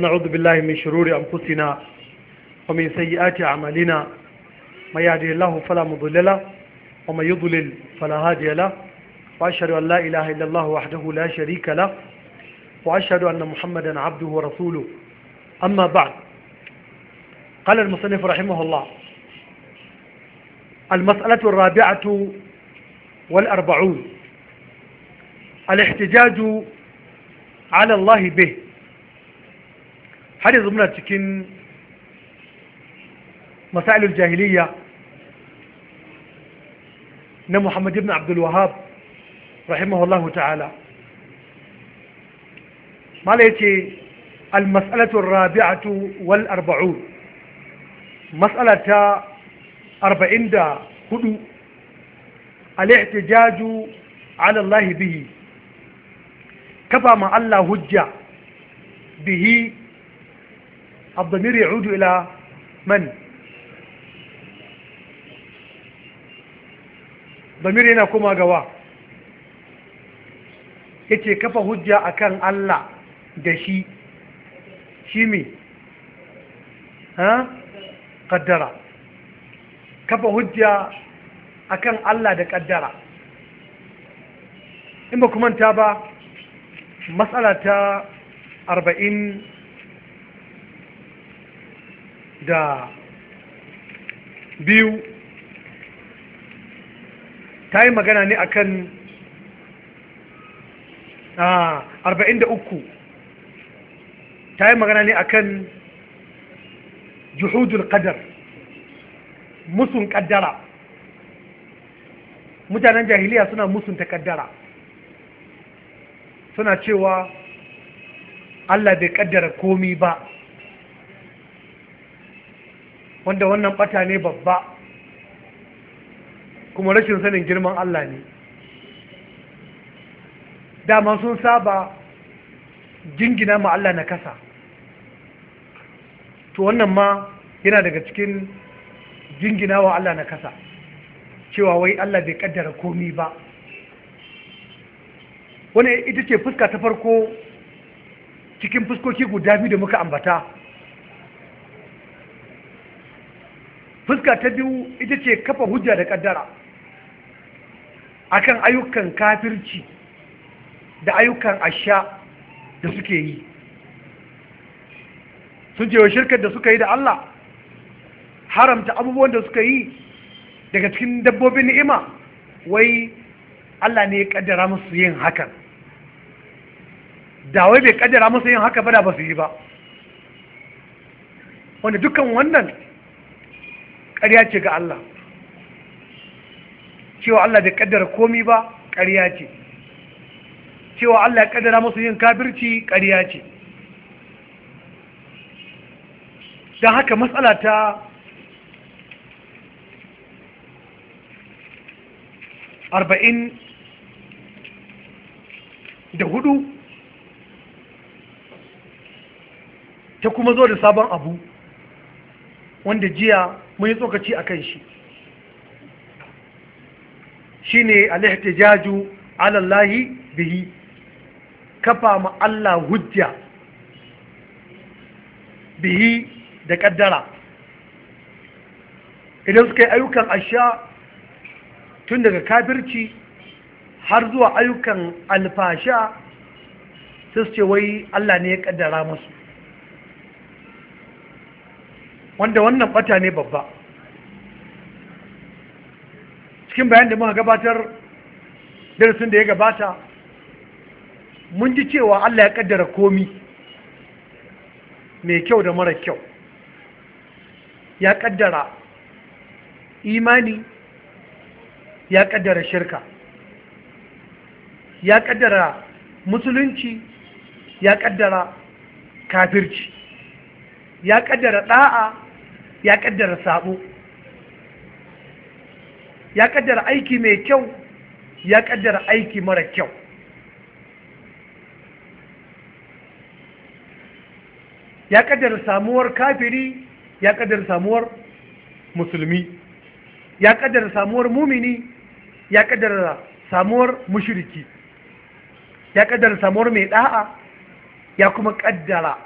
نعوذ بالله من شرور أنفسنا ومن سيئات أعمالنا من يهدي الله فلا مضل له ومن يضلل فلا هادي له وأشهد أن لا إله إلا الله وحده لا شريك له وأشهد أن محمدا عبده ورسوله أما بعد قال المصنف رحمه الله المسألة الرابعة والأربعون الاحتجاج على الله به har yanzu muna cikin masailul jahiliya na muhammad ibn abdul wahab rahimahullahu ta'ala mala yace almas'alatu rabi'atu wal arba'u mas'alata arba'in da huɗu ihtijaju jaju Allah bihi kafa ma Allah hujja bihi الضمير يعود إلى من ضمير هنا كما قوا يتي كفى هجة أكان الله دشي شيمي ها قدرة كفى هجة أكان الله دا قدرة إما كمان تابا مسألة أربعين da biyu ta yi magana ne akan arba'in da uku ta yi magana ne akan juhudul qadar musun kaddara mutanen jahiliya suna musunta ta kaddara suna cewa Allah bai kaddara komi ba wanda wannan bata ne babba kuma rashin sanin girman Allah ne dama sun saba jingina ma Allah na kasa to wannan ma yana daga cikin jingina wa Allah na kasa cewa wai Allah bai kaddara komi ba wani ita ce fuska ta farko cikin fuskoki guda biyu da muka ambata fuska ta biyu ita ce kafa hujja da kaddara akan ayyukan kafirci da ayyukan asha da suke yi sun ce wa shirkar da suka yi da Allah haramta abubuwan da suka yi daga cikin dabbobin ni'ima wai Allah ne ya kaddara musu yin hakan da wai bai kaddara musu yin haka ba da ba su yi ba wanda dukkan wannan ƙarya ce ga Allah cewa Allah bai ƙaddara komi ba ƙarya ce cewa Allah ya kaddara musu yin kafirci ƙarya ce don haka matsala ta arba'in da hudu ta kuma zo da sabon abu wanda jiya mun yi tsokaci a kan shi shi ne alihtijaju alallahi bihi kafa ma Allah hujja bihi da kaddara idan suka yi ayyukan asha tun daga kafirci har zuwa ayyukan alfasha sai su ce wai Allah ne ya kaddara masu wanda wannan bata ne babba cikin bayan da muka gabatar darasin da ya gabata mun ji cewa Allah ya kaddara komi mai kyau da mara kyau ya kaddara imani ya kaddara shirka ya kaddara musulunci ya kaddara kafirci ya kaddara da'a ya kaddara sabo ya kaddara aiki mai kyau ya kaddara aiki mara kyau ya kaddara samuwar kafiri ya kaddara samuwar musulmi ya kaddara samuwar mumini ya kaddara samuwar mushriki ya kaddara samuwar mai da'a ya kuma kaddara